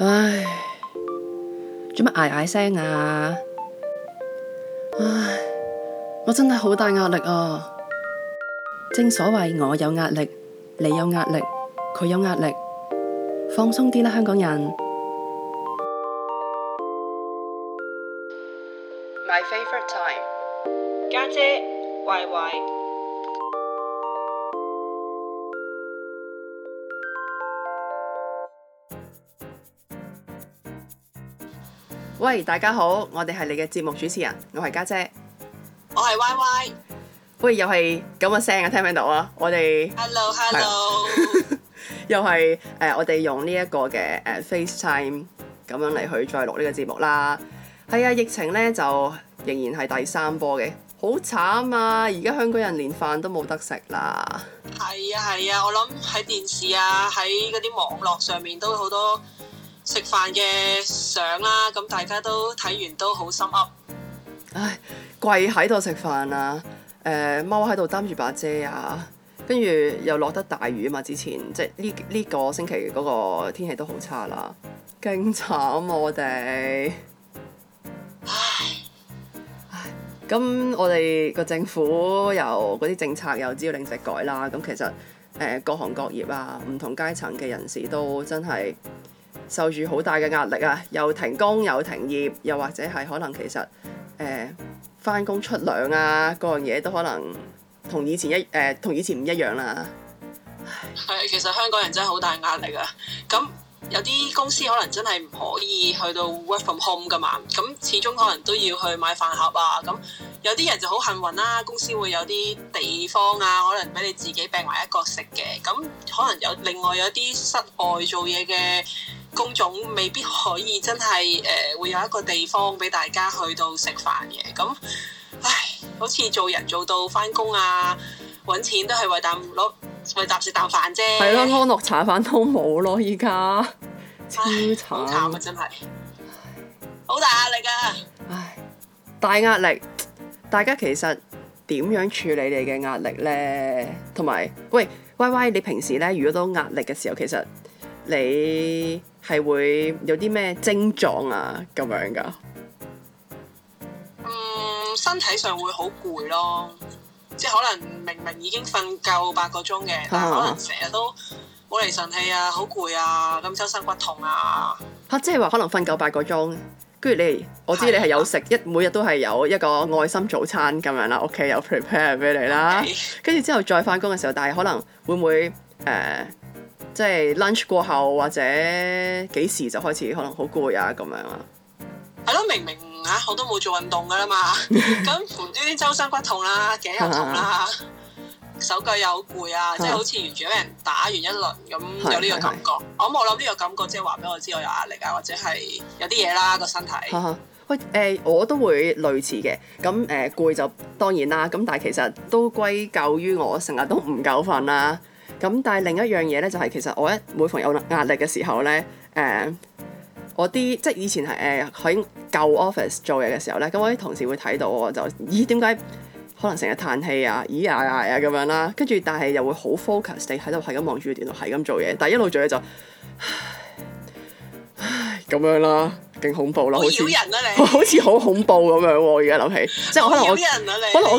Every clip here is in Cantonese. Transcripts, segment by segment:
唉，做乜嗌嗌聲啊？唉，我真係好大壓力啊！正所謂我有壓力，你有壓力，佢有壓力，放鬆啲啦，香港人。My favorite time，家姐，乖乖。喂，大家好，我哋係你嘅節目主持人，我係家姐，姐，我係 Y Y，喂，又係咁嘅聲啊，聽唔聽到啊？我哋 Hello Hello，是 又係誒、呃，我哋用呢一個嘅誒 FaceTime 咁樣嚟去再錄呢個節目啦。係啊，疫情咧就仍然係第三波嘅，好慘啊！而家香港人連飯都冇得食啦。係啊係啊，我諗喺電視啊，喺嗰啲網絡上面都好多。食飯嘅相啦，咁大家都睇完都好心噏。唉，跪喺度食飯啊！誒、呃，踎喺度擔住把遮啊，跟住又落得大雨啊嘛！之前即係呢呢個星期嗰個天氣都好差啦，勁慘我哋。唉，唉，咁我哋個政府由嗰啲政策又朝令夕改啦。咁其實誒、呃，各行各業啊，唔同階層嘅人士都真係。受住好大嘅壓力啊！又停工又停業，又或者係可能其實誒返工出糧啊，嗰樣嘢都可能同以前一誒、呃、同以前唔一樣啦。係，其實香港人真係好大壓力啊！咁。有啲公司可能真係唔可以去到 work from home 噶嘛，咁始終可能都要去買飯盒啊。咁有啲人就好幸運啦、啊，公司會有啲地方啊，可能俾你自己並埋一個食嘅。咁可能有另外有啲室外做嘢嘅工種未必可以真係誒、呃、會有一個地方俾大家去到食飯嘅。咁唉，好似做人做到返工啊～搵錢都係為啖攞為啖食啖飯啫。係咯，啊，安樂茶飯都冇咯，依家超慘啊！真係好大壓力啊！唉，大壓力，大家其實點樣處理你嘅壓力咧？同埋，喂，Y Y，你平時咧如果都壓力嘅時候，其實你係會有啲咩症狀啊？咁樣噶？嗯，身體上會好攰咯。即係可能明明已經瞓夠八個鐘嘅，但係可能成日都冇嚟神氣啊，好攰啊，咁周身骨痛啊。吓，即係話可能瞓夠八個鐘，跟住你我知你係有食一每日都係有一個愛心早餐咁樣啦，屋企有 prepare 俾你啦。跟住之後再返工嘅時候，但係可能會唔會誒，即係 lunch 過後或者幾時就開始可能好攰啊咁樣啊？係咯，明明。啊！我都冇做運動噶啦嘛，咁唔知周身骨痛啦、啊，頸又痛啦，手腳又好攰啊，即係好似完全俾人打完一輪咁， 有呢個感覺。 我冇諗呢個感覺，即係話俾我知我有壓力啊，或者係有啲嘢啦個身體。喂，誒，我都會類似嘅，咁誒，攰、呃、就當然啦，咁但係其實都歸咎於我成日都唔夠瞓啦。咁但係另一樣嘢咧，就係、是、其實我一每逢有壓力嘅時候咧，誒、嗯。我啲即係以前係誒喺舊 office 做嘢嘅時候咧，咁我啲同事會睇到我就，就咦點解可能成日嘆氣啊，咦呀呀啊咁樣啦，跟住但係又會好 focus 地喺度係咁望住電腦，係咁做嘢，但係一路做嘢就唉唉咁樣啦。勁恐怖咯，好似、啊、好似好恐怖咁樣喎！而家諗起，即係可能我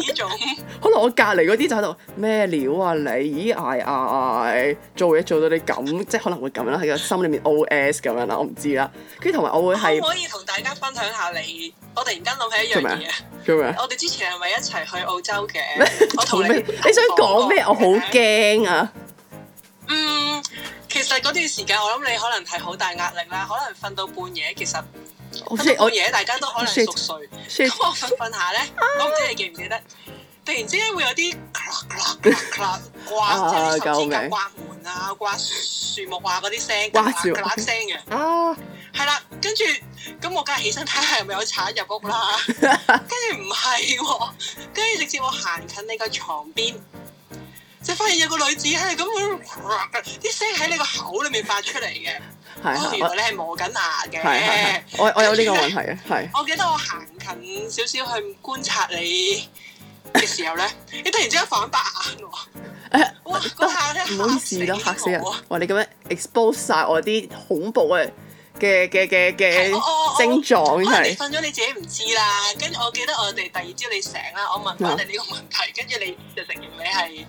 可能我隔離嗰啲就喺度咩料啊你？咦，唉唉唉做嘢做到你咁，即係可能會咁啦，喺個心裏面 OS 咁樣啦，我唔知啦。跟住同埋我會係，可以同大家分享下你。我突然間諗起一樣嘢，做咩？我哋之前係咪一齊去澳洲嘅麼？你想講咩？我好驚啊！嗯。其實嗰段時間，我諗你可能係好大壓力啦，可能瞓到半夜。其實我我而家大家都可能熟睡，咁我瞓瞓下咧，我唔、啊、知你記唔記得？突然之間會有啲咔啦咔刮，即係啲樹枝咁刮門啊，刮樹木啊嗰啲聲，刮住啦聲嘅。哦，係啦，跟住咁我梗係起身睇下係咪有賊入屋啦。跟住唔係，跟住直接我行近你個床邊。就係發現有個女子係咁，啲聲喺你個口裏面發出嚟嘅。原來你係磨緊牙嘅。我我有呢個問題啊。係。我記得我行近少少去觀察你嘅時候咧，你突然之間反白眼我。哇！個客咧唔好意思咁嚇死人。哇！你咁樣 expose 曬我啲恐怖嘅嘅嘅嘅嘅症狀係瞓咗你自己唔知啦。跟住我記得我哋第二朝你醒啦，我問翻你呢個問題，跟住你就承認你係。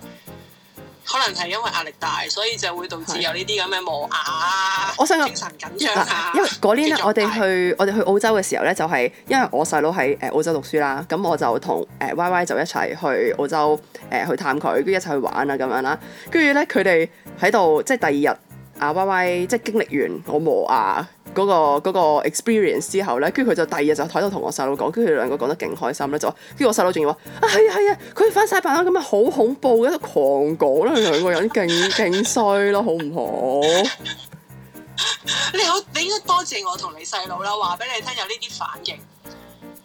可能係因為壓力大，所以就會導致有呢啲咁嘅磨牙，我想的精神緊張、啊、因為嗰年咧，種我哋去的我哋去澳洲嘅時候咧，就係、是、因為我細佬喺誒澳洲讀書啦，咁我就同誒 Y Y 就一齊去澳洲誒、呃、去探佢，跟住一齊去玩啊咁樣啦。跟住咧，佢哋喺度即係第二日啊 Y Y 即係經歷完我磨牙。嗰、嗰個嗰個 experience 之後咧，跟住佢就第二日就喺度同我細佬講，跟住佢兩個講得勁開心咧，就話，跟住我細佬仲要話啊，係啊係啊，佢、哎、翻曬版啦，咁樣好恐怖嘅，喺度狂講啦，佢兩個人勁勁衰咯，好唔好？你好，你應該多謝我同你細佬啦，話俾你聽有呢啲反應，誒、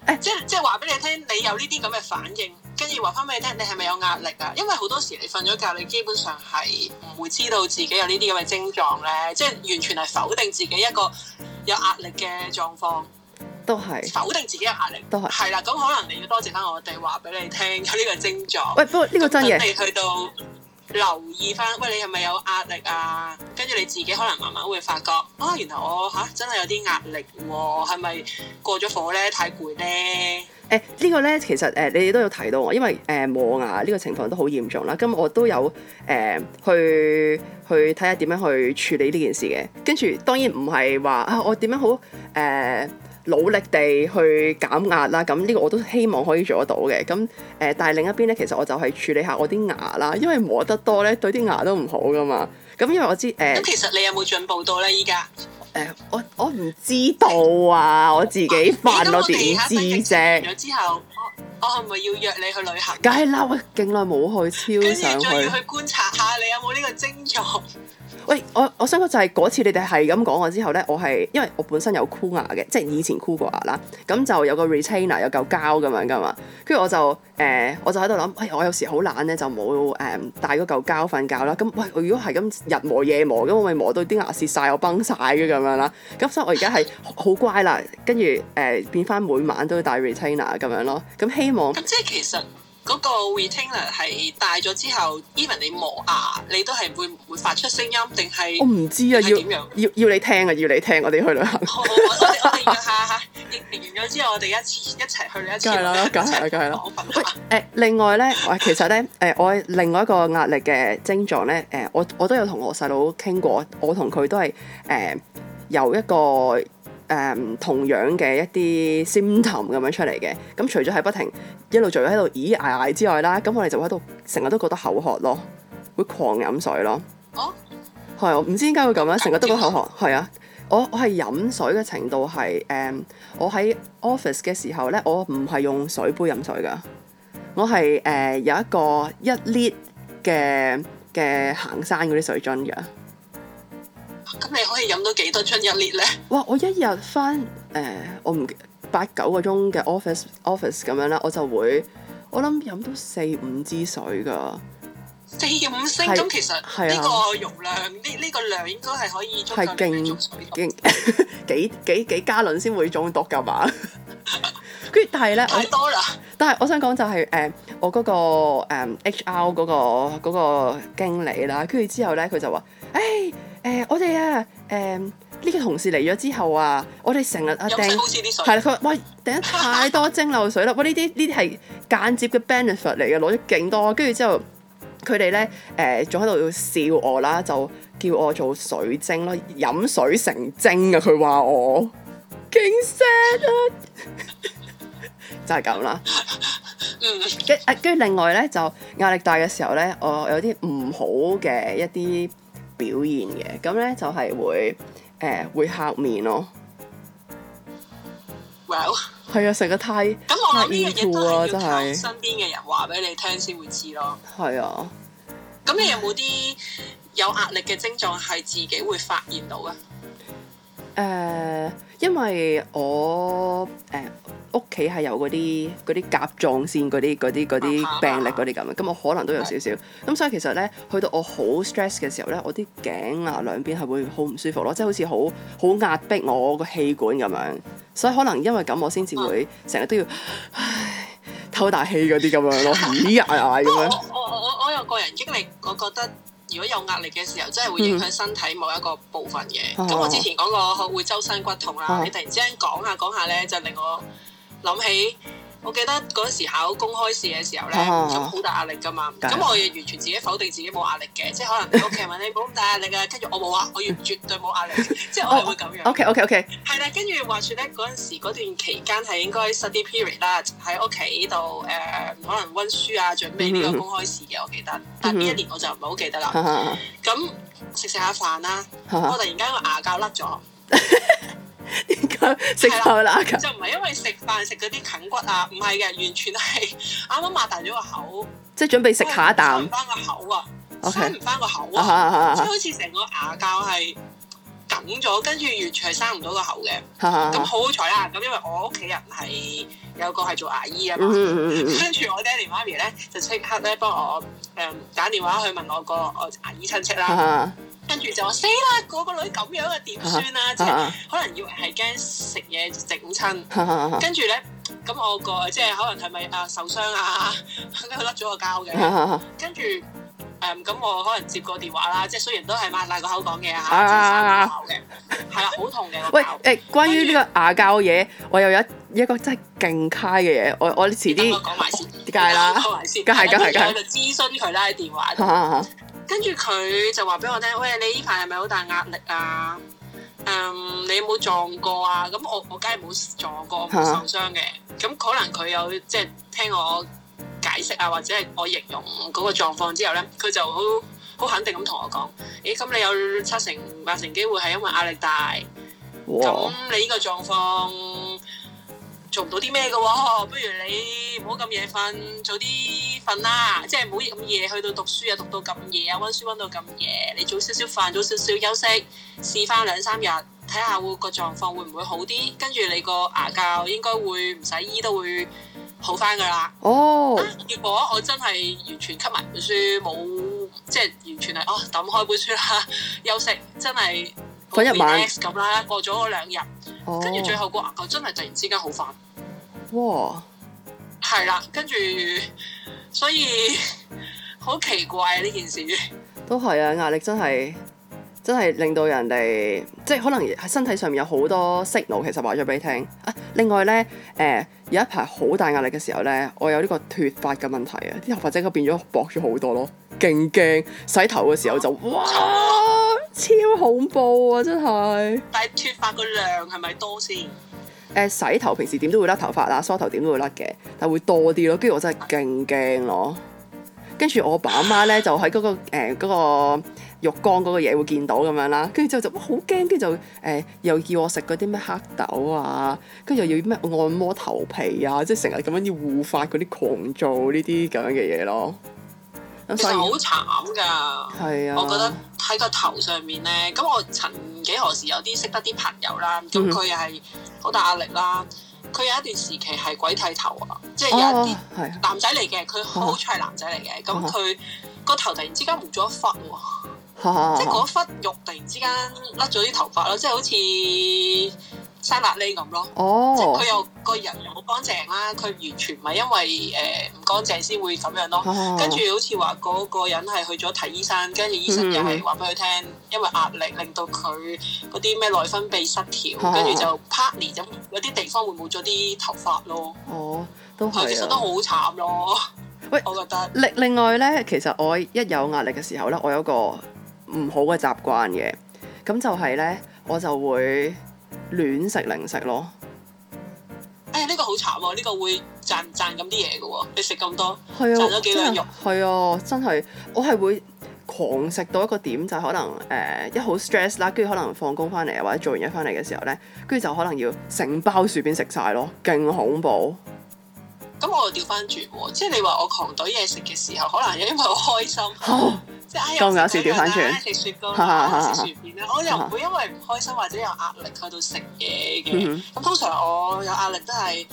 欸，即係即係話俾你聽，你有呢啲咁嘅反應。跟住話翻俾你聽，你係咪有壓力啊？因為好多時你瞓咗覺，你基本上係唔會知道自己有呢啲咁嘅症狀咧，即係完全係否定自己一個有壓力嘅狀況。都係是否定自己有壓力，都係是。係啦，咁可能你要多謝翻我哋話俾你聽有呢個症狀。喂，不過呢個真係。準去到留意翻，喂，你係咪有壓力啊？跟住你自己可能慢慢會發覺，啊，原來我吓、啊，真係有啲壓力喎、啊，係咪過咗火咧？太攰咧？誒呢個咧，其實誒、呃、你哋都有提到我，因為誒、呃、磨牙呢個情況都好嚴重啦。咁、嗯、我都有誒、呃、去去睇下點樣去處理呢件事嘅。跟住當然唔係話啊，我點樣好誒努力地去減壓啦。咁、嗯、呢、呢個我都希望可以做得到嘅。咁、嗯、誒、呃，但係另一邊咧，其實我就係處理下我啲牙啦，因為磨得多咧，對啲牙都唔好㗎嘛。咁、嗯、因為我知誒。咁、呃、其實你有冇進步到咧依家？誒、呃，我我唔知道啊，我自己犯咗點知啫、啊。完咗之後，我係咪要約你去旅行？梗係啦，我勁耐冇去，超想去。跟住去觀察下你有冇呢個徵狀。喂，我我想講就係嗰次你哋係咁講我之後咧，我係因為我本身有箍牙嘅，即係以前箍過牙啦，咁就有個 retainer 有嚿膠咁樣噶嘛，跟住我就誒、呃、我就喺度諗，喂、哎、我有時好懶咧就冇誒、嗯、帶嗰嚿膠瞓覺啦，咁、嗯、喂我如果係咁日磨夜磨咁我咪磨到啲牙蝕晒，我崩晒嘅咁樣啦，咁、嗯、所以我而家係好乖啦，跟住誒變翻每晚都要帶 retainer 咁樣咯，咁、嗯嗯、希望。咁即係其實。嗰個 retainer 係戴咗之後，even 你磨牙，你都係會唔會發出聲音，定係我唔知啊，要點樣？要要你聽啊，要你聽，我哋去旅行。好，好，我我，我練下下， 練完咗之後，我哋一次一齊去旅行。梗係啦，梗係 啦，梗係啦。好煩。誒，另外咧，其實咧，誒，我另外一個壓力嘅症狀咧，誒，我我都有同我細佬傾過，我同佢都係誒、呃、有一個。誒、嗯、同樣嘅一啲 symptom 咁樣出嚟嘅，咁、嗯、除咗係不停一路做喺度咦嗌嗌之外啦，咁、嗯嗯嗯、我哋就會喺度成日都覺得口渴咯，會狂飲水咯。哦，係我唔知點解會咁樣，成日都覺得口渴。係 啊，我我係飲水嘅程度係誒、嗯，我喺 office 嘅時候咧，我唔係用水杯飲水噶，我係誒、呃、有一個一 Lit 嘅嘅行山嗰啲水樽嘅。咁你可以飲到幾多樽一列咧？哇！我一日返誒，我唔記,八九個鐘嘅 off office office 咁樣啦，我就會我諗飲到四五支水噶。四五升咁，其實呢個容量呢呢、啊個，這個這個量應該係可以係勁勁幾幾幾加侖先會中毒噶嘛？跟住 但係咧，多我多但係我想講就係、是、誒，uh, 我嗰、那個誒、um, H R 嗰、那個嗰、那個經理啦，跟住之後咧，佢就話誒。Hey, 誒、呃、我哋啊誒呢個同事嚟咗之後啊，我哋成日啊掟，係啦，佢話喂，掟太多蒸流水啦， 哇呢啲呢啲係間接嘅 benefit 嚟嘅，攞咗勁多，跟住之後佢哋咧誒仲喺度笑我啦，就叫我做水晶咯，飲水成精 s 啊，佢話我勁 sad 啊，就係咁啦，一跟住另外咧就壓力大嘅時候咧，我有啲唔好嘅一啲。表現嘅咁咧就係會誒、呃、會黑面咯，係 Well, 啊食得太咁、嗯、我諗呢樣嘢都係要靠身邊嘅人話俾你聽先會知咯。係啊，咁你有冇啲有壓力嘅症狀係自己會發現到啊？誒、呃。因為我誒屋企係有嗰啲啲甲狀腺嗰啲啲啲病歷嗰啲咁嘅，咁我可能都有少少。咁是所以其實咧，去到我好 stress 嘅時候咧，我啲頸啊兩邊係會好唔舒服咯，即係好似好好壓迫我個氣管咁樣。所以可能因為咁，我先至會成日都要透大氣嗰啲咁樣咯，咦呀呀咁樣。不過我我我我，我有個人經歷，我覺得。如果有壓力嘅時候，真係會影響身體某一個部分嘅。咁、嗯、我之前講過會周身骨痛啦，嗯、你突然之間講下講下咧，就令我諗起。我記得嗰時考公開試嘅時候咧，咁好、oh, 大壓力噶嘛。咁然我亦完全自己否定自己冇壓力嘅，即係可能喺屋企問你冇咁 大壓力嘅、啊，跟住我冇啊，我完全絕對冇壓力。 即係我係會咁樣。Oh, OK OK OK。係啦，跟住話説咧，嗰陣時嗰段期間係應該 study period 啦，喺屋企度誒可能温書啊，準備呢個公開試嘅，mm hmm. 我記得。但係呢一年我就唔係好記得啦。咁食食下飯啦，我突然間個牙膠甩咗。 點解食牛奶就唔係，因為食飯食嗰啲啃骨啊，唔係嘅，完全係啱啱擘大咗個口，即係準備食下一啖，生個口啊，生唔翻個口啊，即係 好似成個牙較係梗咗，跟住完全係生唔到個口嘅。咁好彩啦，咁因為我屋企人係有個係做牙醫啊嘛，跟住 我爹哋媽咪咧就即刻咧幫我誒、嗯、打電話去問我個我牙醫親戚啦。 跟住就話死啦！嗰個女咁樣嘅點算啊？即係可能以為係驚食嘢整親，跟住咧咁我個即係可能係咪啊受傷啊？跟住佢甩咗個膠嘅，跟住誒咁我可能接個電話啦。即係雖然都係擘大個口講嘢啊。嘅，係啦，好痛嘅。喂誒，關於呢個牙膠嘢，我又有一個真係勁 high 嘅嘢，我我遲啲講埋先，梗係啦，梗係梗係梗。諮詢佢啦，喺電話。跟住佢就話俾我聽，喂，你呢排係咪好大壓力啊？嗯，你有冇撞過啊？咁我我梗係冇撞過，我冇受傷嘅。咁可能佢有即係聽我解釋啊，或者係我形容嗰個狀況之後咧，佢就好好肯定咁同我講，誒，咁你有七成八成機會係因為壓力大，咁你呢個狀況。做唔到啲咩嘅喎，不如你唔好咁夜瞓，早啲瞓啦，即係唔好咁夜去到讀書啊，讀到咁夜啊，溫書溫到咁夜，你早少少瞓，早少少休息，試返兩三日，睇下會個狀況會唔會好啲，跟住你個牙骹應該會唔使醫都會好返噶啦。哦、oh. 啊，結果我真係完全吸埋本書，冇即係完全係哦抌開本書啦， 休息真係好 relax 咁啦。過咗嗰兩日，跟住最後個牙骹真係突然之間好返。哇，係啦，跟住，所以好奇怪啊呢件事。都係啊，壓力真係真係令到人哋，即係可能喺身體上面有好多 signal。其實話咗俾你聽啊，另外呢，呃，有一排好大壓力嘅時候呢，我有呢個脫髮嘅問題啊，啲頭髮即刻變咗薄咗好多咯，勁驚洗頭嘅時候就哇，哇超恐怖啊真係。但係脫髮個量係咪多先？誒、呃、洗頭平時點都會甩頭髮啊，梳頭點都會甩嘅，但會多啲咯。跟住我真係勁驚咯，跟住我爸媽咧就喺嗰個誒嗰個浴缸嗰個嘢會見到咁樣啦。跟住之後就哇好驚，跟住就誒、呃、又叫我食嗰啲咩黑豆啊，跟住又要咩按摩頭皮啊，即係成日咁樣要護髮嗰啲狂做呢啲咁樣嘅嘢咯。其實好慘㗎，啊、我覺得喺個頭上面咧，咁我曾幾何時有啲識得啲朋友啦，咁佢又係好大壓力啦，佢有一段時期係鬼剃頭啊，即係有一啲男仔嚟嘅，佢好似係男仔嚟嘅，咁佢個頭突然之間冇咗一忽喎，啊啊、即係嗰忽肉突然之間甩咗啲頭髮啦，即係好似～生瘌痢咁咯，哦、即係佢又個人又好乾淨啦。佢完全唔係因為誒唔、呃、乾淨先會咁樣咯。跟住、哦、好似話嗰個人係去咗睇醫生，跟住醫生又係話俾佢聽，嗯、因為壓力令到佢嗰啲咩內分泌失調，跟住、哦、就 partition 咗嗰啲地方會冇咗啲頭髮咯。哦，都係、啊，其實都好慘咯。喂，我覺得另另外咧，其實我一有壓力嘅時候咧，我有個唔好嘅習慣嘅，咁就係咧，我就會，亂食零食咯，哎呀呢、呢個好慘喎，呢、呢個會賺賺咁啲嘢㗎，你食咁多賺咗、啊、幾兩肉，係啊，真係我係會狂食到一個點，就係、可能誒、呃、一好 stress 啦，跟住可能放工翻嚟，或者做完嘢翻嚟嘅時候呢，跟住就可能要成包薯片食晒咯，勁恐怖。咁我調翻轉喎，即係你話我狂堆嘢食嘅時候，可能因為好開心，哦、即係啱啱食完啦，食、哎啊、雪糕，食薯片咧，啊、我又唔會因為唔開心或者有壓力去到食嘢嘅。咁、嗯嗯、通常我有壓力都係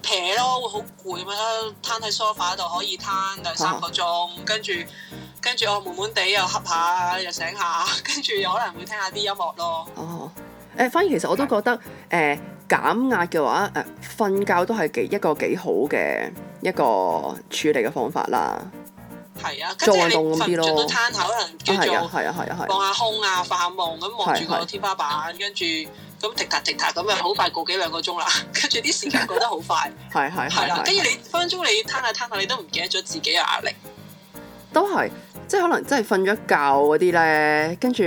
撇咯，會好攰咁樣攤喺 sofa 度，梳化可以攤兩三個鐘、啊，跟住跟住我悶悶地又瞌下，又醒下，跟住有可能會聽下啲音樂咯、嗯。哦，誒，反而其實我都覺得誒。嗯嗯嗯嗯減壓嘅話，誒、呃、瞓覺都係幾一個幾好嘅一個處理嘅方法啦。係啊，點點做運動咁啲咯。係啊，係啊，係啊，係、啊。望下、啊啊、空啊，發下夢咁望住個天花板，跟住咁滴 i 滴 k 咁啊，好快個幾兩個鐘啦。跟住啲時間過得好快。係係係啦。跟住你分分鐘你攤下攤下，你都唔記得咗自己嘅壓力。都係，即係可能真係瞓咗覺嗰啲咧，跟住。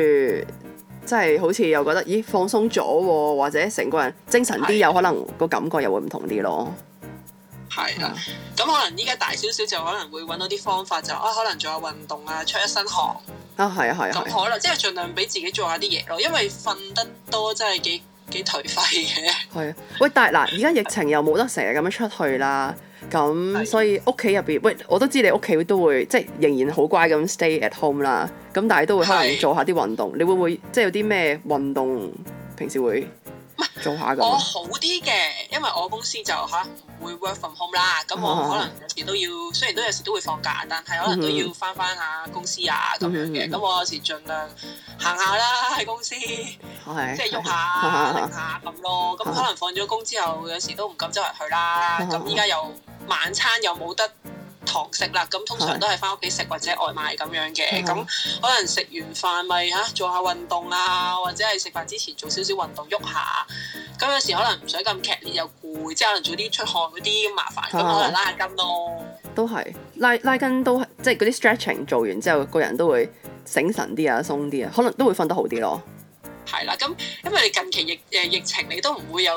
即係好似又覺得，咦放鬆咗，或者成個人精神啲，的有可能個感覺又會唔同啲咯。係啊的，咁、嗯、可能依家大少少就可能會揾到啲方法就啊，可能做下運動啊，出一身汗啊，係啊係啊，咁可能即係盡量俾自己做下啲嘢咯，因為瞓得多真係幾幾頹廢嘅。係啊，喂，但係嗱，而家疫情又冇得成日咁樣出去啦。咁那是的 所以屋企入邊，喂，我都知你屋企都會即係仍然好乖咁 stay at home 啦。咁但係都會可能做下啲運動，是的 你會唔會即係有啲咩運動平時會？做下我好啲嘅，因為我公司就吓、啊、會 work from home 啦，咁我可能有時都要，啊、雖然都有時都會放假，但係可能都要翻翻下公司啊咁、嗯嗯嗯嗯、樣嘅，咁我有時盡量行下啦喺公司，對即係喐下停對下咁咯，咁、啊、可能放咗工之後有時都唔敢周圍去啦，咁依家又晚餐又冇得堂食啦，咁通常都係返屋企食或者外賣咁樣嘅，咁的可能食完飯咪嚇做下運動啊，或者係食飯之前做少少運動喐下，咁有時可能唔想咁劇烈又攰，即係可能做啲出汗嗰啲咁麻煩，咁的可能拉下筋咯。都係拉拉筋都係即係嗰啲 stretching 做完之後，個人都會醒神啲啊，鬆啲啊，可能都會瞓得好啲咯。係啦，咁因為你近期疫誒疫情，你都唔會有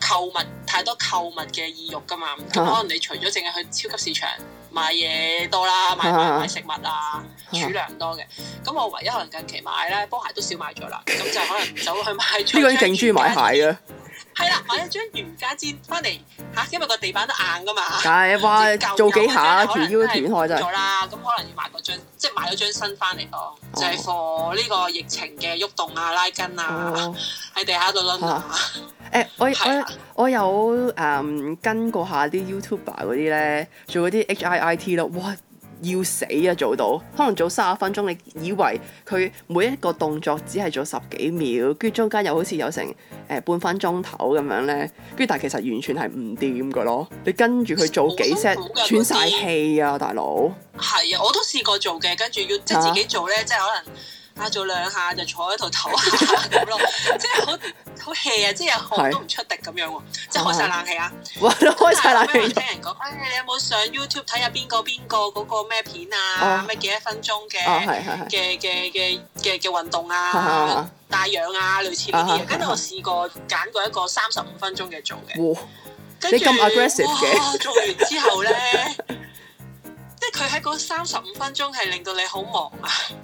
購物太多購物嘅意欲㗎嘛，咁的可能你除咗淨係去超級市場。買嘢多啦，買買買食物啊，啊，儲糧多嘅。咁我唯一可能近期買咧，波鞋都少買咗啦。咁 就可能走去買。你最近勁鍾意買鞋嘅。係啦，買一張瑜伽墊翻嚟吓，因為個地板都硬㗎嘛。係是，哇！做幾下，條腰都斷開真係。咁可能要買個張，即係買咗張新翻嚟咯，哦、就係 for 呢個疫情嘅喐動，動啊、拉筋啊，喺地下度攆啊。啊啊 誒、欸，我我我有誒、嗯、跟過下啲 YouTuber 嗰啲咧，做嗰啲 HIIT 咯，哇要死啊！做到可能做三十分鐘，你以為佢每一個動作只係做十幾秒，跟住中間又好似有成誒、呃、半分鐘頭咁樣咧，跟住但係其實完全係唔掂噶咯，你跟住佢做幾 set 喘曬氣啊，大佬。係啊，我都試過做嘅，跟住要即係自己做咧，啊、即係可能。打咗兩下就坐喺度唞下咁咯，即係好好 hea 啊！即係我都唔出力咁樣喎，即係開晒冷氣啊！哇！開曬冷氣，聽人講誒，你有冇上 YouTube 睇下邊個邊個嗰個咩片啊？咩幾多分鐘嘅？嘅嘅嘅嘅嘅運動啊，帶氧啊，類似呢啲嘢。跟住我試過揀過一個三十五分鐘嘅做嘅，你咁 aggressive 嘅，做完之後咧。即係佢喺嗰三十五分鐘係令到你好忙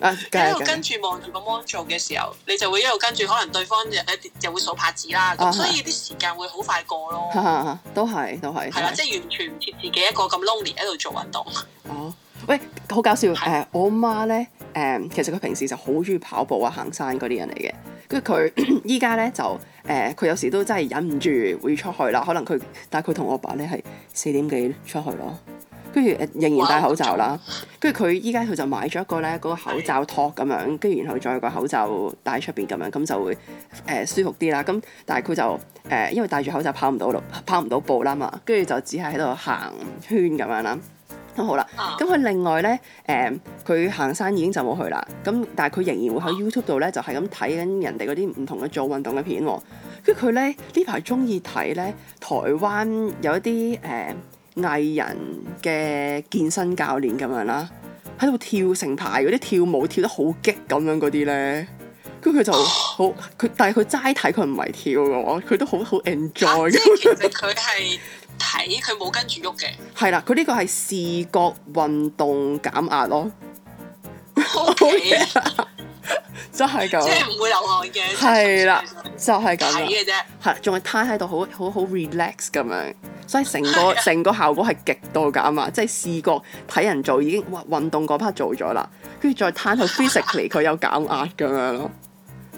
啊，喺度跟住望住個 mon 做嘅時候，你就會一路跟住可能對方就又會數拍子啦，咁、啊、所以啲時間會好快過咯。啊、都係都係係啦，的的即係完全唔似自己一個咁 lonely 喺度做運動。哦，喂，好搞笑誒的、呃，我媽咧誒，其實佢平時就好中意跑步啊、行山嗰啲人嚟嘅，跟住佢依家咧就誒，佢、呃、有時都真係忍唔住會出去啦，可能佢但佢同我爸咧係四點幾出去咯。跟住仍然戴口罩啦，跟住佢依家佢就買咗一個咧嗰、那個口罩托咁樣，跟住然後再個口罩戴出邊咁樣，咁就會誒、呃、舒服啲啦。咁但係佢就誒、呃、因為戴住口罩跑唔到咯，跑唔到步啦嘛。跟住就只係喺度行圈咁樣啦。咁、嗯、好啦，咁佢另外咧誒，佢、呃、行山已經就冇去啦。咁但係佢仍然會喺 YouTube 度咧就係咁睇緊人哋嗰啲唔同嘅做運動嘅片。跟住佢咧呢排中意睇咧台灣有一啲誒、呃藝人嘅健身教練咁樣啦，喺度跳成排嗰啲跳舞跳得好激咁樣嗰啲咧，跟住佢就好，佢、啊、但係佢齋睇佢唔係跳嘅，佢都好好 enjoy。即係、啊、其實佢係睇，佢冇跟住喐嘅。係啦， 佢呢個係視覺運動減壓咯。好嘢 Okay. 真係咁，即係唔會流汗嘅，係啦 了，就係咁嘅，係啦，仲係癱喺度，好好好 relax 咁樣，所以成個成 個效果係極度減嘛，即係視覺睇人做已經哇運動嗰 part 做咗啦，跟住再癱喺 physically 佢有減壓咁樣咯。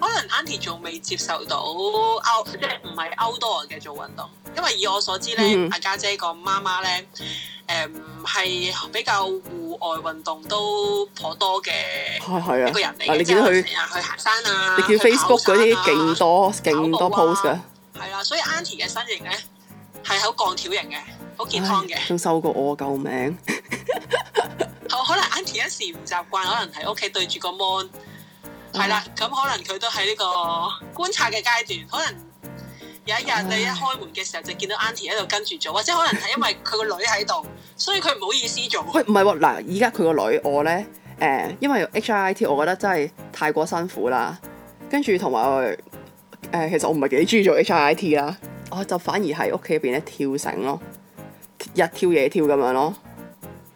可能 Auntie 仲未接受到、哦就是、是 out，即係唔係 outdoor 嘅做運動，因為以我所知咧，阿家、嗯啊、姐個媽媽咧。誒，唔係比較戶外運動都頗多嘅一個人嚟嘅，之後成日去行山啊，去考察啊，跑步啊，你見到 Facebook 啲勁多 post，係啦，所以 Auntie 嘅身形咧係好鋼條型嘅，好健康嘅，仲瘦過我，救命！好可能 Auntie 一時唔習慣，可能喺屋企對住個 mon，係啦，咁可能佢都喺呢個觀察嘅階段。有一日、啊、你一開門嘅時候就見到 Auntie 喺度跟住做，或者可能係因為佢個女喺度， 所以佢唔好意思做。喂，唔係喎，嗱，依家佢個女我咧，誒、呃，因為 H I T 我覺得真係太過辛苦啦，跟住同埋誒，其實我唔係幾中意做 H I T 啦、啊，我就反而喺屋企入邊咧跳繩咯，日跳夜跳咁樣咯。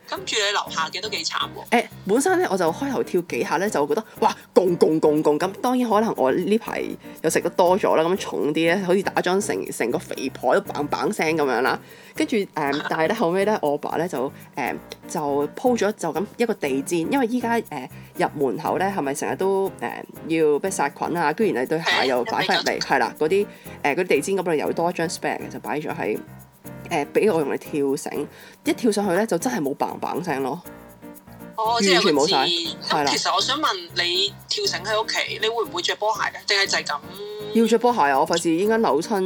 跟住你樓下嘅都幾慘喎、欸。本身咧我就開頭跳幾下咧，就覺得哇，共共共共咁。當然可能我呢排又食得多咗啦，咁重啲咧，好似打咗成成個肥婆都 bang bang 聲咁樣啦。跟住誒，但係咧後尾咧，我爸咧就誒、嗯、就鋪咗就咁一個地氈，因為依家誒入門口咧係咪成日都誒、嗯、要殺菌啊？居然係對鞋又擺翻入嚟，係啦的，嗰啲誒啲地氈咁啊，有多一張 spare 嘅就擺咗喺，誒俾我用嚟跳繩，一跳上去咧就真係冇棒棒聲咯。哦，完全冇曬。係啦、哦，其實我想問你跳繩喺屋企，你會唔會着波鞋嘅？定係就係咁？要着波鞋啊！我費事應該扭親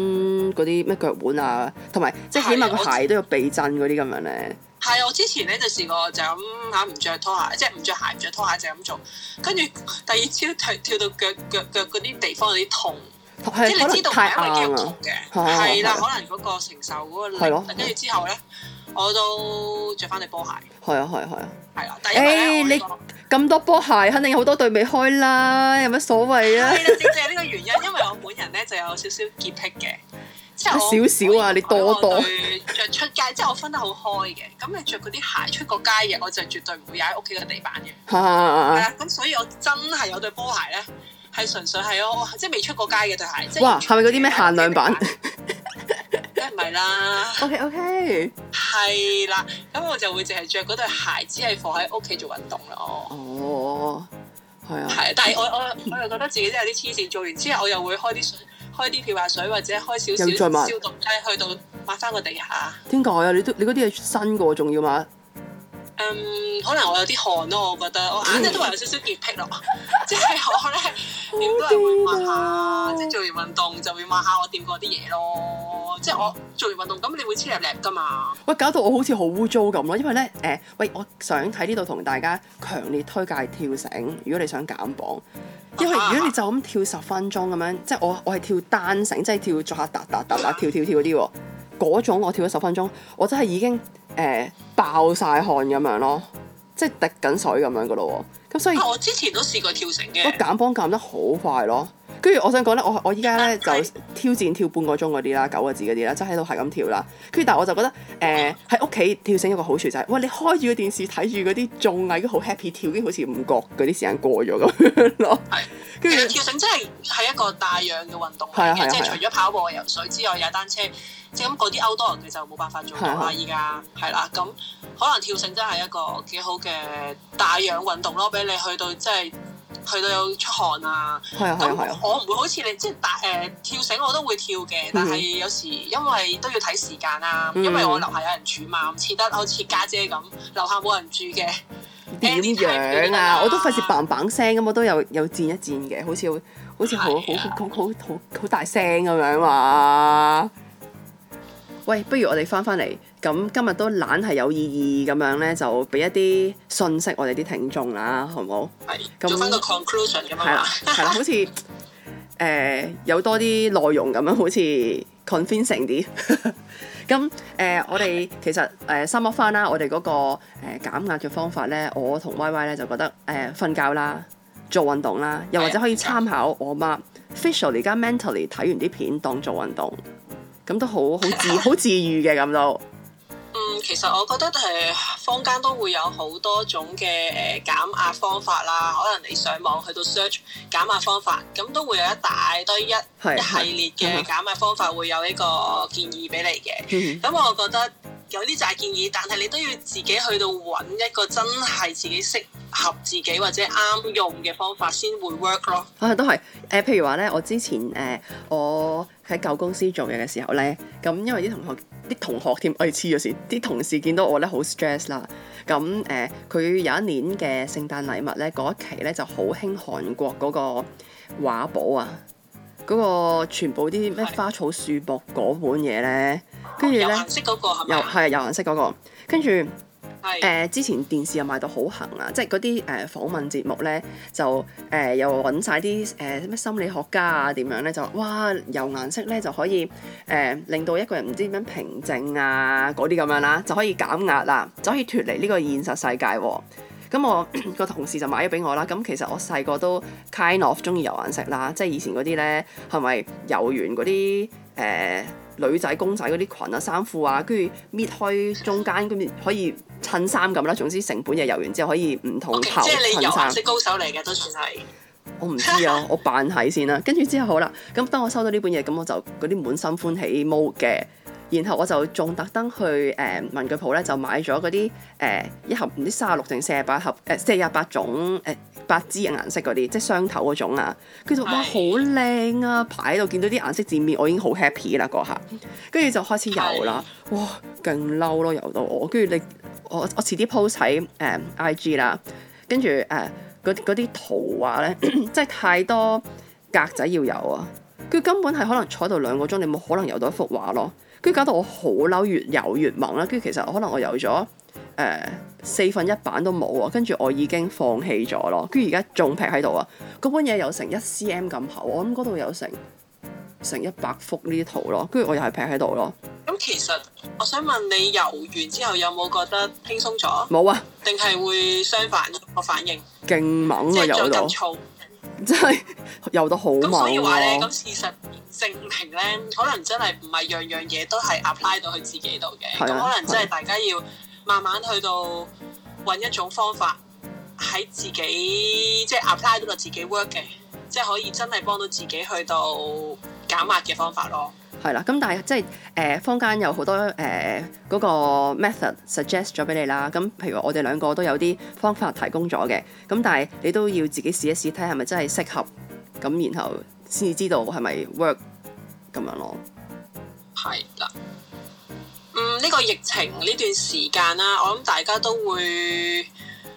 嗰啲咩腳腕啊，同埋即係起碼個鞋都要避震嗰啲咁樣咧。係啊、哎，我之前咧就試過就咁嚇唔着拖鞋，即係唔着鞋唔着拖鞋就咁做，跟住第二次跳跳跳到腳腳腳嗰啲地方有啲痛。即係你知道太硬啦，係啦，可能嗰個承受嗰個力，跟住之後咧，我都着翻對波鞋。係啊，係啊，係啊。係啦，但係因為我咁多波鞋，肯定有好多對未開啦，有乜所謂啊？正正係呢個原因，因為我本人咧就有少少潔癖嘅，即係有少少啊，你多對着出街，即係我分得好開嘅，咁你着嗰啲鞋出個街嘅，我就絕對唔會踩喺屋企嘅地板嘅。係啊，咁所以我真係有對波鞋咧。係純粹係咯即係未出過街嘅對鞋。即係哇，係咪嗰啲咩限量版？梗係唔係啦。OK OK。係啦，咁我就會淨係着嗰對鞋只，只係放喺屋企做運動啦。哦。哦，係啊，係。但係我我我又覺得自己都有啲黐線。做完之後我又會開啲水，開啲漂白水或者開少少少少消毒劑去到抹翻個地下。點解啊？你都你嗰啲係新嘅，仲要嘛？Um, 可能我有啲汗咯，我覺得我眼都係有少少潔癖咯，即係 我咧，點 都係會抹下，即係 做完運動就會抹下我掂過啲嘢咯，即係我做完運動咁，你會黐立立㗎嘛？喂，搞到我好似好污糟咁咯，因為咧，誒、呃，喂，我想喺呢度同大家強烈推介跳繩，如果你想減磅，因為如果你就咁跳十分鐘咁樣，uh huh. 即係我我係跳單繩，即係跳咗下噠噠噠噠跳跳跳嗰啲。嗰種我跳咗十分鐘，我真係已經誒、呃、爆晒汗咁樣咯，即係滴緊水咁樣噶咯，咁所以、啊、我之前都試過跳繩嘅，不過減磅減得好快咯。跟住我想講咧，我我依家咧就挑戰跳半個鐘嗰啲啦，九個字嗰啲啦，即喺度係咁跳啦。跟住但我就覺得誒喺屋企跳繩一個好處就係、是，哇！你開住個電視睇住嗰啲綜藝，好 happy 跳，已經好似唔覺嗰啲時間過咗咁樣咯。係是，跟住後跳繩真係係一個帶氧嘅運動嚟嘅，即係除咗跑步、游水之外，踩單車，即係咁嗰啲 outdoor 嘅就冇、是、辦法做到啦。依家係啦，咁可能跳繩真係一個幾好嘅帶氧運動咯，俾你去到即係。就是去到有出汗啊，咁我唔會好似你即係大誒跳繩，我都會跳嘅。但係有時因為都要睇時間啊，因為我樓下有人住嘛，唔似得好似家姐咁樓下冇人住嘅點樣啊？樣啊我都費事嘭嘭聲咁我都有有戰一戰嘅，好似好似好好好好好好大聲咁樣嘛、啊。喂，不如我哋翻翻嚟。咁今日都懶係有意義咁樣咧，就俾一啲信息我哋啲聽眾啦，好唔好？係的，咁那做翻個 conclusion 咁樣啦，係 好似誒、呃、有多啲內容咁樣，好似 convincing 啲。咁誒、 嗯呃，我哋其實誒 sum up 翻啦，我哋嗰、那個誒、呃、減壓嘅方法咧，我同 Y Y 咧就覺得誒瞓、呃、覺啦，做運動啦，又或者可以參考我媽 physical 而的家 mentally 睇完啲片當做運動，咁都好好，好，好自好自愈嘅咁都。好 嗯，其實我覺得誒、呃，坊間都會有好多種嘅誒、呃、減壓方法啦。可能你上網去到 search 減壓方法，咁都會有一大堆一 一系列嘅減壓方法，會有呢個建議俾你嘅。咁我覺得。有啲就係建議，但係你都要自己去到揾一個真係自己適合自己或者啱用嘅方法先會 work 咯。啊，都係誒，譬如話呢，我之前誒、呃、我喺舊公司做嘢嘅時候呢，咁、嗯、因為啲同學啲同學添，我係黐咗線，啲、哎、同事見到我呢，好 stress 啦。咁誒，佢、嗯呃、有一年嘅聖誕禮物呢，嗰一期呢就好興韓國嗰個畫簿啊，嗰、那個全部啲咩花草樹木嗰本嘢呢。跟住呢，色嗰個又係油顏色嗰個。跟住誒，之前電視又賣到好行啊！即係嗰啲誒訪問節目呢，就誒、呃、又揾晒啲誒咩心理學家啊點樣呢？就哇油顏色呢，就可以誒、呃、令到一個人唔知點樣平靜啊嗰啲咁樣啦，就可以減壓啊，就可以脫離呢個現實世界喎、啊。咁我個 同事就買咗俾我啦。咁其實我細個都 kind of 鍾意油顏色啦，即係以前嗰啲呢，係咪遊完嗰啲誒？呃女仔、公仔嗰啲裙啊、衫褲啊，跟住搣開中間，跟住可以襯衫咁啦。總之成本嘢油完之後可以唔同頭 okay，襯衫。即係高手嚟嘅，都算係。 我唔知啊，我扮係先啦、啊。跟住之後好啦，咁當我收到呢本嘢，咁我就嗰啲滿心歡喜 mode 嘅。然後我就仲特登去誒、呃、文具鋪咧，就買咗嗰啲誒一盒唔知三十六定四十八盒誒四十八種誒。呃八枝嘅顏色嗰啲，即係雙頭嗰種啊！佢就哇，好靚啊！的排喺度見到啲顏色字面，我已經好 happy 啦嗰下。跟住就開始游啦，的哇，勁嬲咯，游到我。跟住你，我我遲啲 post 喺誒、呃、IG 啦。跟住誒，嗰、呃、啲圖畫咧，即 係 太多格仔要有啊。佢根本係可能坐到兩個鐘，你冇可能游到一幅畫咯。跟住搞到我好嬲，越游越猛啦。跟住其實可能我游咗。誒、呃、四分一版都冇喎，跟住我已經放棄咗咯。跟住而家仲劈喺度啊！嗰本嘢有成一 cm 咁厚，我諗嗰度有成成一百幅呢啲圖咯。跟住我又係劈喺度咯。咁其實我想問你游完之後有冇覺得輕鬆咗？冇啊，定係會相反個反應？勁猛啊！游到即係游得好猛咯。咁所以話咧，咁事實證明咧，可能真係唔係樣樣嘢都係 apply 到佢自己度嘅。咁、啊、可能真係是大家要。慢慢去到揾一種方法喺自己，即係 apply 到個自己 work 嘅，即係可以真係幫到自己去到減壓嘅方法咯。係啦，咁但係即係誒坊間有好多誒嗰個 method suggest 咗俾你啦。咁譬如話我哋兩個都有啲方法提供咗嘅，咁但係你都要自己試一試睇係咪真係適合，咁然後先至知道係咪 work 咁樣咯。係啦。呢個疫情呢段時間啦，我諗大家都會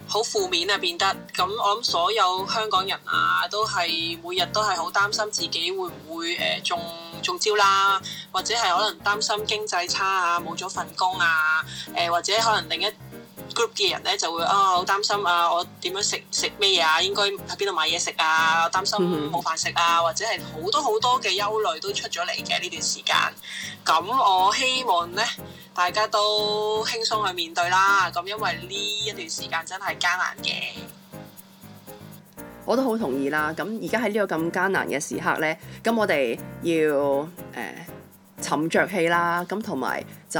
好負面啊，變得咁我諗所有香港人啊，都係每日都係好擔心自己會唔會誒、呃、中中招啦，或者係可能擔心經濟差啊，冇咗份工啊，誒、呃、或者可能另一 group 嘅人咧就會啊好、哦、擔心啊，我點樣食食咩啊？應該喺邊度買嘢食啊？擔心冇飯食啊，或者係好多好多嘅憂慮都出咗嚟嘅呢段時間。咁、嗯、我希望咧，大家都輕鬆去面對啦。咁、嗯、因為呢一段時間真係艱難嘅。我都好同意啦。咁而家喺呢個咁艱難嘅時刻咧，咁我哋要誒。呃沉着氣啦，咁同埋就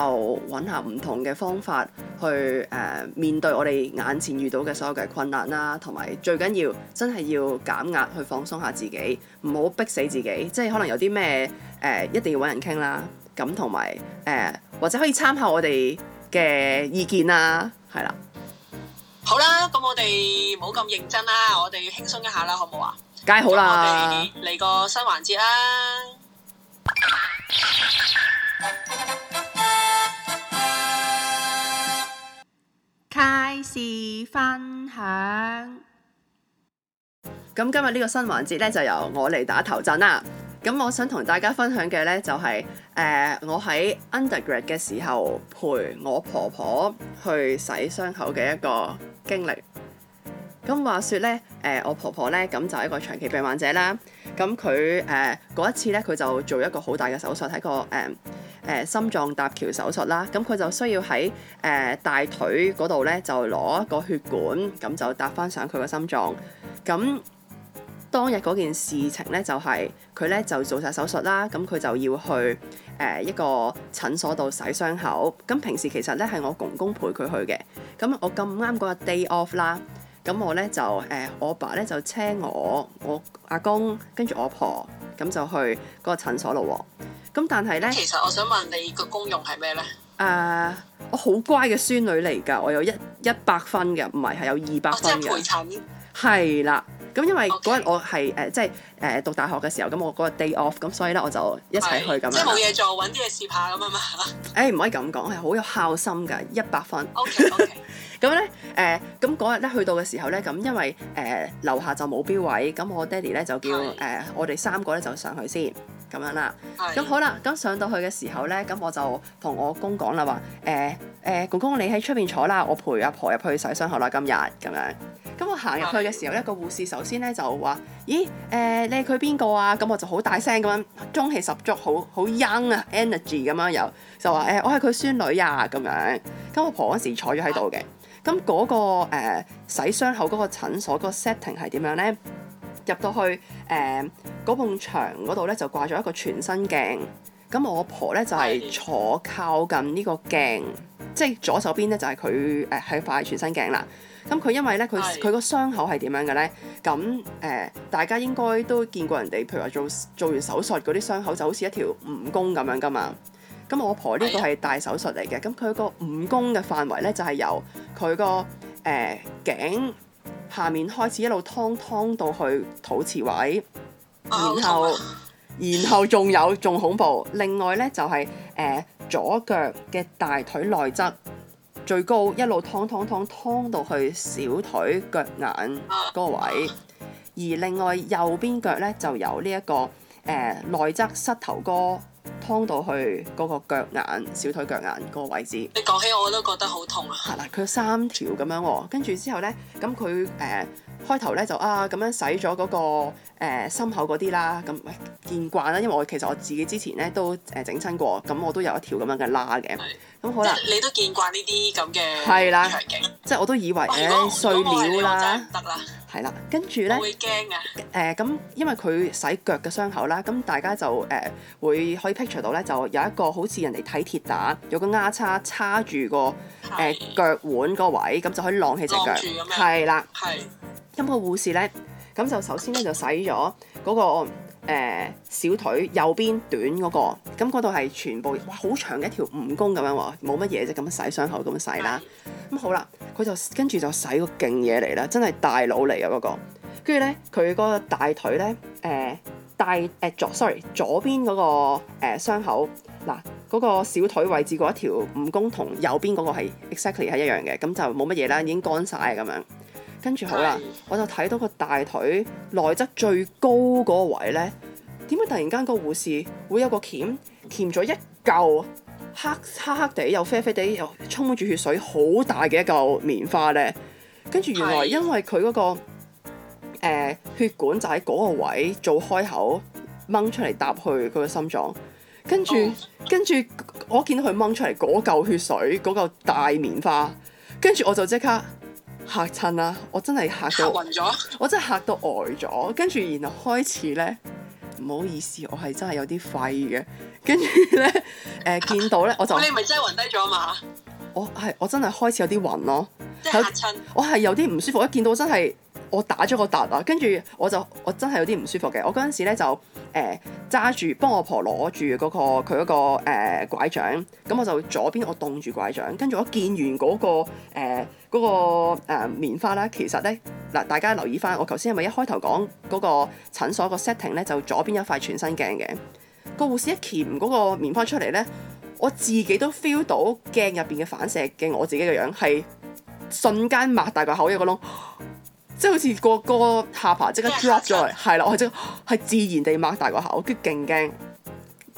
揾下唔同嘅方法去誒、呃、面對我哋眼前遇到嘅所有嘅困難啦，同埋最緊要真係要減壓去放鬆下自己，唔好逼死自己。即係可能有啲咩誒一定要揾人傾啦，咁同埋誒或者可以參考我哋嘅意見啦。係啦。好啦，咁我哋冇咁認真啦，我哋要輕鬆一下啦，好唔好啊？梗係好啦，嚟個新環節啦。開始分享。咁今日呢個新環節咧，就由我嚟打頭陣啦。咁我想同大家分享嘅咧，就係、是、誒、呃，我喺 undergrad 嘅時候陪我婆婆去洗傷口嘅一個經歷。咁話説咧，誒我婆婆咧咁就係一個長期病患者啦。咁佢誒嗰一次咧，佢就做一個好大嘅手術，係個誒誒、呃呃、心臟搭橋手術啦。咁佢就需要喺誒、呃、大腿嗰度咧，就攞一個血管咁就搭翻上佢個心臟。咁當日嗰件事情咧、就係，就係佢咧就做晒手術啦。咁佢就要去誒、呃、一個診所度洗傷口。咁平時其實咧係我公公陪佢去嘅。咁我咁啱嗰日 day off 啦。咁我咧就誒、呃，我爸咧就車我，我阿公跟住我婆，咁就去嗰個診所咯。咁、嗯、但係咧，其實我想問你個功用係咩咧？誒、呃，我好乖嘅孫女嚟噶，我有一一百分嘅，唔係，係有二百分嘅。即係陪診。係啦。咁因為嗰日我係誒、呃、即係誒、呃、讀大學嘅時候，咁、嗯、我嗰個 day off，咁所以咧我就一齊去咁是樣。即係冇嘢做，揾啲嘢試下咁啊嘛。誒唔、 欸、可以咁講，係好有孝心嘅一百分。OK OK。 咁咧誒，咁嗰日咧去到嘅時候咧，咁因為誒、呃、樓下就冇標位，咁我爹哋咧就叫誒我哋是、呃、三個咧就上去先咁樣啦。咁是好啦，咁、嗯、上到去嘅時候咧，咁我就同我公講啦，話誒誒公公，公你喺出邊坐啦，我陪阿婆入去洗傷口啦今日咁樣。咁我行入去嘅時候呢，一個護士首先咧就話：咦，誒、呃，你係佢邊個啊？咁我就好大聲咁樣，中氣十足，好好 young 啊，energy 咁樣又就話：誒、呃，我係佢孫女啊！」咁樣。咁我婆嗰時坐咗喺度嘅。咁、那、嗰個、呃、洗傷口嗰個診所嗰個 setting 係點樣咧？入到去誒嗰埲牆嗰度咧就掛咗一個全身鏡。咁我婆咧就係、是、坐靠近呢個鏡。即係左手邊咧，就係佢誒係塊全身鏡啦。咁、嗯、佢、嗯嗯嗯、因為咧，佢佢個傷口係點樣嘅咧？咁、嗯、誒，大家應該都見過人哋，譬如話做做完手術嗰啲傷口就好似一條蜈蚣咁樣㗎嘛。咁、嗯、我婆呢個係大手術嚟嘅，咁佢個蜈蚣嘅範圍咧就係、是、由佢個誒頸下面開始一路劏劏到去肚臍位，然後、啊啊、然後仲有仲恐怖，另外咧就係、是、誒。呃呃左腳嘅大腿內側最高，一路劏劏劏劏到去小腿腳眼嗰個位，啊、而另外右邊腳咧就有呢、這、一個誒、呃、內側膝頭哥劏到去嗰個腳眼、小腿腳眼嗰個位置。你講起我都覺得好痛啊！係啦、嗯，佢有三條咁樣，跟住之後咧，咁佢誒。開頭咧就啊咁樣洗咗嗰個心口嗰啲啦，咁喂見慣啦，因為我其實我自己之前咧都誒整親過，咁我都有一條咁樣嘅拉嘅。咁好啦，你都見慣呢啲咁嘅場景，即係我都以為誒碎料啦，得啦，係啦，跟住咧會驚呀誒咁，因為佢洗腳嘅傷口啦，咁大家就誒會可以 picture 到咧，就有一個好似人哋睇鐵打有個丫叉叉住個誒腳腕嗰個位，咁就可以晾起隻腳，係啦，係。咁個護士咧，咁就首先咧就洗咗嗰、嗰個、呃、小腿右邊短嗰、嗰個，咁嗰度係全部哇好長嘅一條蜈蚣咁樣喎，冇乜嘢啫，咁樣洗傷口咁樣洗啦。咁、啊、好啦，佢就跟住就洗個勁嘢嚟啦，真係大佬嚟嘅嗰個。跟住咧，佢嗰個大腿咧，誒、呃、大誒左、呃、sorry 左邊嗰、嗰個誒、呃、傷口嗱嗰、嗰個小腿位置嗰一條蜈蚣同右邊嗰個係 exactly 係一樣嘅，咁就冇乜嘢啦，已經乾晒咁樣。跟住好啦，我就睇到個大腿內側最高嗰個位呢，點解突然間個護士會有個鉗鉗咗一嚿黑，黑黑黑地又啡啡地又充滿住血水好大嘅一嚿棉花呢。跟住原來因為佢嗰、嗰個、呃、血管就喺嗰個位做開口掹出嚟搭去佢個心臟，跟住跟住我見到佢掹出嚟嗰嚿血水嗰嚿、嗰個、大棉花，跟住我就即刻。嚇親啊，我真係嚇到，嚇我真係嚇到呆咗。跟住然後開始咧，唔好意思，我係真係有啲廢嘅。跟住咧，誒、呃、見到咧，我就、啊、你咪真係暈低咗啊嘛！我係我真係開始有啲暈咯，即係嚇親。我係有啲唔舒服，一見到真係。我打咗個突啊，跟住我就我真係有啲唔舒服嘅。我嗰陣時咧，就誒揸住幫我婆攞住嗰個佢嗰個誒拐杖，咁我就左邊我凍住拐杖，跟住我見完嗰個誒嗰個誒棉花啦。其實呢，嗱，大家留意翻，我頭先係咪一開頭講嗰個診所個 setting 呢？就左邊一塊全身鏡嘅。個護士一鉗嗰個棉花出嚟呢，我自己都 feel 到鏡入邊嘅反射鏡，我自己嘅樣係瞬間擘大個口一個窿。即係好似個個下巴即刻 drop 咗嚟，係啦親，我係即係自然地擘大個口，跟住勁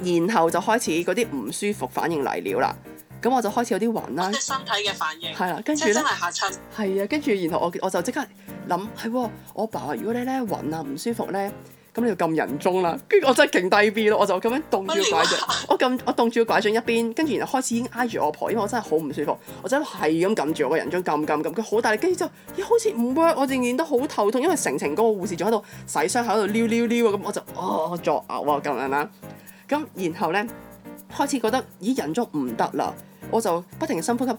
驚，然後就開始嗰啲唔舒服反應嚟了啦。咁我就開始有啲暈啦。身體嘅反應。係啦，跟住咧真係嚇親。係啊，跟住然後我我就即刻諗係喎，我爸如果你咧暈啊唔舒服咧。咁你要撳人中啦，跟住我真係勁低 B 咯，我就咁樣凍住個拐杖，我撳我凍住個拐杖一邊，跟住然後開始已經捱住我婆，因為我真係好唔舒服，我真係係咁撳住我個人中撳撳撳，佢好大力，跟住之後又好似唔 work，我仍然都好頭痛，因為成程嗰個護士仲喺度洗傷口喺度撩撩撩。啊，咁我就啊作嘔啊咁啊啦。咁然後咧開始覺得咦人中唔得啦，我就不停深呼吸。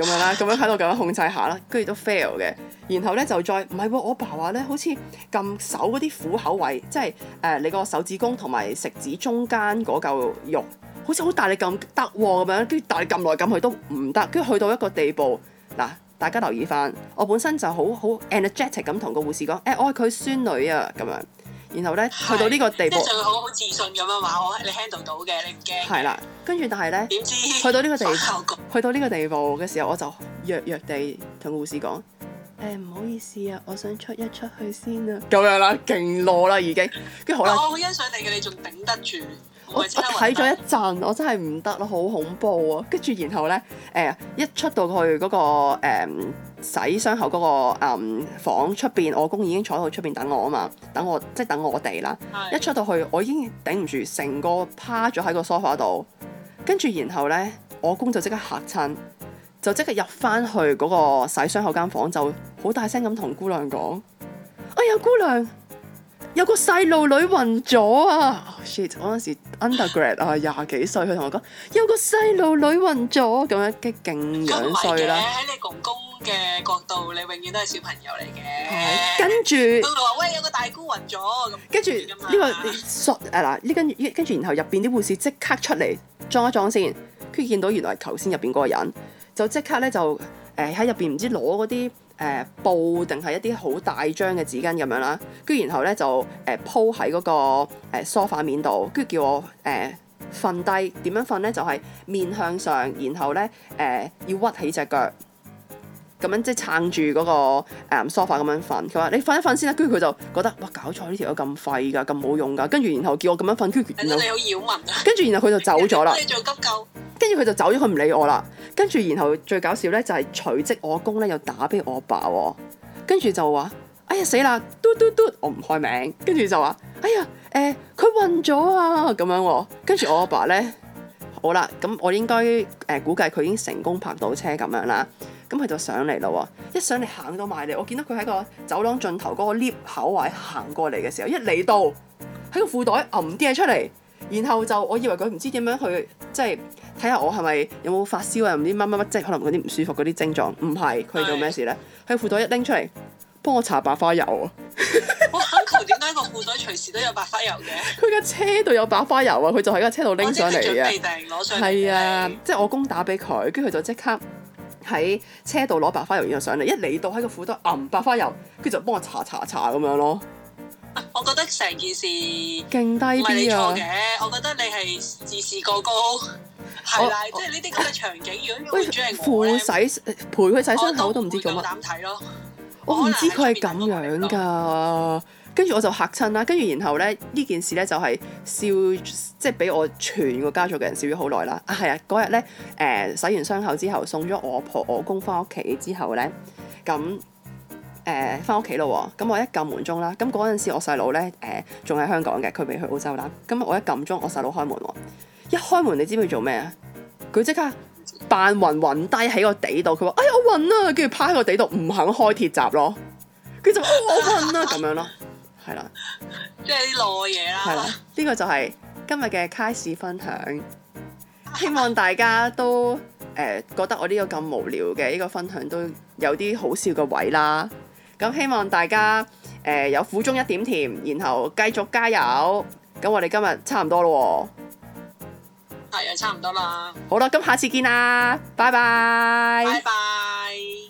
咁樣啦，咁樣喺度咁樣控制下啦，跟住都 fail 嘅，然後咧就再唔係喎，我爸話咧好似撳手嗰啲虎口位，即係誒、呃、你個手指公同埋食指中間嗰嚿肉，好似好大力撳得喎咁樣，跟住大力撳來撳去都唔得，跟住去到一個地步，嗱大家留意翻，我本身就好好 energetic 咁同個護士講，誒、哎、我係佢孫女啊咁樣。然後咧，是去到呢個地步，即好好自信咁樣話：我你 handle 到嘅，你唔驚。係啦，跟住但係咧，點知去到呢個， 個地步，去到呢個地步嘅時候，我就弱弱地同護士講：誒唔好意思啊，我想出一出去先啊。咁樣啦，勁耐啦已經。跟住好啦，我好欣賞你嘅，你仲頂得住。我睇咗一陣，我真係唔得咯，好恐怖啊！跟住然後呢，誒、呃、一出到去嗰、嗰個、呃、洗傷口嗰個、呃、房出邊，我公已經坐喺度出邊等我啊嘛，等我即係等我哋啦。是一出到去，我已經頂唔住，成個趴咗喺個梳化度。跟住然後呢，我公就即刻嚇親，就即刻入翻去嗰個洗傷口間房間，就好大聲咁同姑娘講：哎呀姑娘，有個細路女暈咗啊，oh，shit 嗰陣時。Undergrad 啊，廿幾、uh, 歲，佢同我講有個細路女暈咗，咁樣激勁樣衰啦。喺你公公嘅角度，你永遠都係小朋友嚟嘅。跟住，到度話喂，有個大姑暈咗，咁跟住呢個索誒嗱，呢跟住跟住，然後入邊啲護士即刻出嚟裝一裝先，佢見到原來係頭先入邊嗰個人，就即刻咧就誒喺入邊唔知攞嗰啲。誒、呃、布定係一啲好大張嘅紙巾咁樣啦，跟住然後咧就誒鋪喺嗰個、呃、梳化面度，跟住叫我誒瞓低點樣瞓咧就係面向上，然後咧誒、呃、要屈起隻腳。咁樣即係撐住嗰、那個誒 sofa 咁樣瞓。佢話：你瞓一瞓先啦。跟住佢就覺得哇，搞錯呢條友咁廢㗎，咁冇用㗎。跟住然後叫我咁樣瞓，跟住然後佢、啊、就走咗啦。急救？跟住佢就走咗，佢唔理我啦。跟住然後最搞笑咧，就係隨即我阿公咧又打俾我阿爸喎。跟住就話：哎呀死啦！嘟，嘟嘟嘟，我唔開名。跟住就話：哎呀，誒佢暈咗啊！咁樣。跟住我阿爸咧， 好啦，咁我應該誒估計佢已經成功泊到車咁樣啦。咁佢就上嚟咯喎，一上嚟行到埋嚟，我見到佢喺個走廊盡頭嗰個 lift 口位行過嚟嘅時候，一嚟到喺個褲袋揞啲嘢出嚟，然後就我以為佢唔知點樣去，即係睇下我係咪有冇發燒啊？唔知乜乜乜，即係可能嗰啲唔舒服嗰啲症狀。唔係，佢做咩事咧？喺是褲袋一拎出嚟，幫我搽白花油。我諗唔點解個褲袋隨時都有白花油嘅。佢架 車度有白花油啊！佢就喺架車度拎上嚟嘅。係啊，即係我公打俾佢，跟住佢就即刻。喺車度攞白花油，然後上嚟，一嚟到喺個褲兜揞白花油，跟住就幫我搽搽搽咁樣咯。我覺得成件事勁低啲啊！唔係錯嘅，我覺得你係自視過高。係啦我，啊、即係呢啲咁嘅場景，如果僱主係我咧，洗陪佢洗傷口都唔知做乜。咁膽睇咯！我唔知佢係咁樣㗎。 跟住我就嚇親啦，跟住然後咧呢件事咧就係笑，即係俾我全個家族嘅人笑咗好耐啦。啊係啊，嗰日咧誒洗完傷口之後，送咗我婆我公翻屋企之後咧，咁誒翻屋企咯。咁、哦嗯、我一撳門鐘啦，咁嗰陣時我細佬咧誒仲喺香港嘅，佢未去澳洲啦。咁、嗯嗯、我一撳鐘，我細佬開門喎、嗯，一開門你知佢做咩啊？佢即刻扮暈暈低喺個地度，佢話：哎呀我暈啊！跟住趴喺個地度唔肯開鐵閘咯。跟住就、哦、我暈啊咁樣咯。係啦，即係啲內嘢啦。係啦，呢個就係今日嘅開市分享。希望大家都誒、呃、覺得我呢個咁無聊嘅呢、呢個分享都有啲好笑嘅位啦。咁希望大家誒、呃、有苦中一點甜，然後繼續加油。咁我哋今日差唔多咯喎。係啊，差唔多啦。好、嗯、啦，咁下次見啦，拜拜。拜拜。